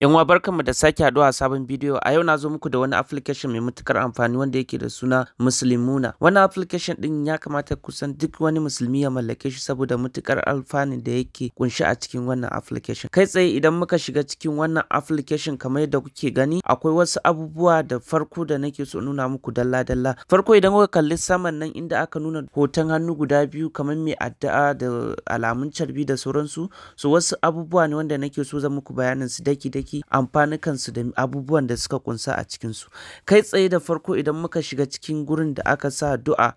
yanwa uwa barkanmu da sake haduwa a sabon bidiyo. A yau na zo muku da wani application mai matukar amfani wanda yake da suna Muslimuna. Wannan application din ya kamata kusan duk wani musulmi ya mallake shi saboda matukar alfani da yake kunshi a cikin wannan application. Kai tsaye idan muka shiga cikin wannan application kamar yadda kuke gani akwai wasu abubuwa da farko da nake so nuna muku dalla dalla. Farko idan kuka kalli saman nan inda aka nuna hoton hannu guda biyu kamar mai addu'a da alamun carbi da sauransu. So wasu abubuwa ne wanda nake so zan muku bayanin su daki daki amfanukan su da abubuwan da suka kunsa a cikinsu kai tsaye da farko idan muka shiga cikin gurin da aka sa du'a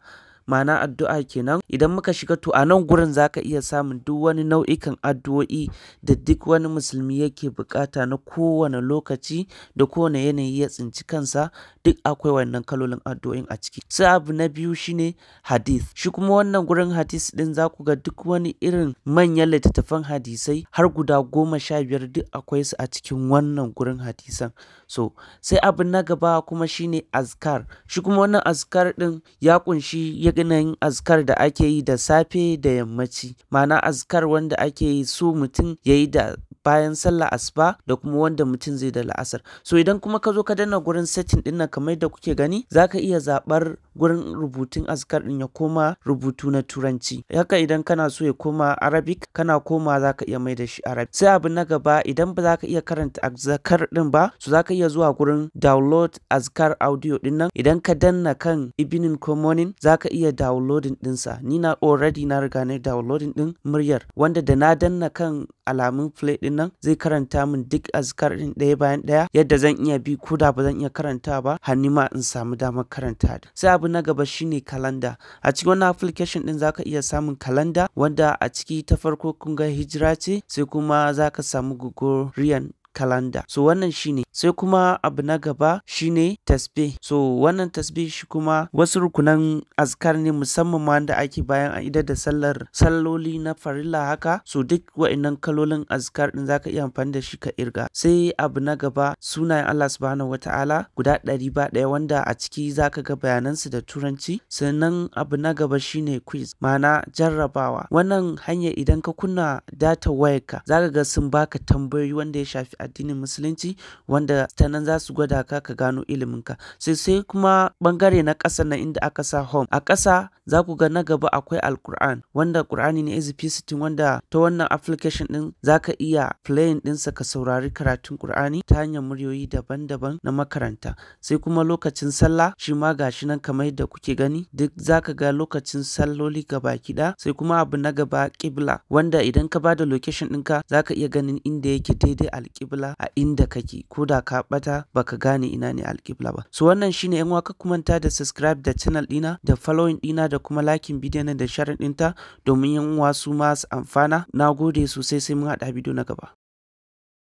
ma'ana addu'a kenan idan muka shiga to a nan gurin za ka iya samun duk wani nau'ikan addu'o'i da duk wani musulmi yake bukata na kowane lokaci da kowane yanayi ya tsinci kansa duk akwai wannan kalolin addu'o'in a ciki sai abu na biyu shine hadith shi kuma wannan gurin hadith din za ku ga duk wani irin manyan littattafan hadisai har guda goma sha biyar duk akwai su a cikin wannan gurin hadisan so sai abu na gaba kuma shine azkar shi kuma wannan azkar din ya kunshi ya maganan azkar da ake yi da safe da yammaci ma'ana azkar wanda ake yi so mutum ya yi da bayan sallah asuba da kuma wanda mutum zai da la'asar so idan kuma ka zo ka danna gurin setting ɗinnan kamar da kuke gani zaka iya zaɓar gurin rubutun azkar din ya koma rubutu na turanci haka idan kana so ya koma arabic kana koma za ka iya mai da shi arabic sai abu na gaba idan ba za ka iya karanta azkar din ba so za iya zuwa gurin download azkar audio din nan idan ka danna kan Evening komonin za ka iya downloading dinsa ni na already na riga na downloading din muryar wanda da na danna kan alamun play din nan zai karanta min duk azkar din ɗaya bayan ɗaya yadda zan iya bi ko da ba zan iya karanta ba hannima in samu damar karanta sai abu na gaba shine kalanda. A cikin wannan application din zaka iya samun kalanda wanda a ciki ta farko kun ga hijira ce sai kuma zaka samu Gregorian kalanda so wannan shine sai kuma abu na gaba shine tasbih so wannan tasbih shi kuma wasu rukunan azkar ne musamman ma da ake bayan an idar da sallar salloli na farilla haka so duk wa'annan kalolin azkar din zaka iya amfani da shi ka irga sai abu na gaba sunayen Allah subhanahu wataala guda ɗari ba ɗaya wanda a ciki zaka ga bayanansu da turanci sannan abu na gaba shine quiz ma'ana jarrabawa wannan hanya idan ka kunna data wayarka zaka ga sun baka tambayoyi wanda ya shafi addinin musulunci wanda ta nan za su gwada ka ka gano iliminka sai sai kuma bangare na ƙasa na inda aka sa home a ƙasa za ku ga na gaba akwai alkur'an wanda kur'ani ne azp sitin wanda ta wannan application din za ka iya playing ɗinsa ka saurari karatun kur'ani ta hanyar muryoyi daban-daban na makaranta sai kuma lokacin sallah shi ma gashi nan kamar da kuke gani duk za ka ga lokacin salloli gaba kiɗa sai kuma abu na gaba kibla wanda idan ka ba da location ɗinka za ka iya ganin inda yake daidai alƙibla alƙibla a inda kake ko da ka bata baka gane ina ne alƙibla ba so wannan shine yan waka kumanta da subscribe da channel dina da following dina da kuma liking bidiyon da sharing dinta domin yan uwa su ma su amfana nagode sosai sai mun haɗa bidiyo na gaba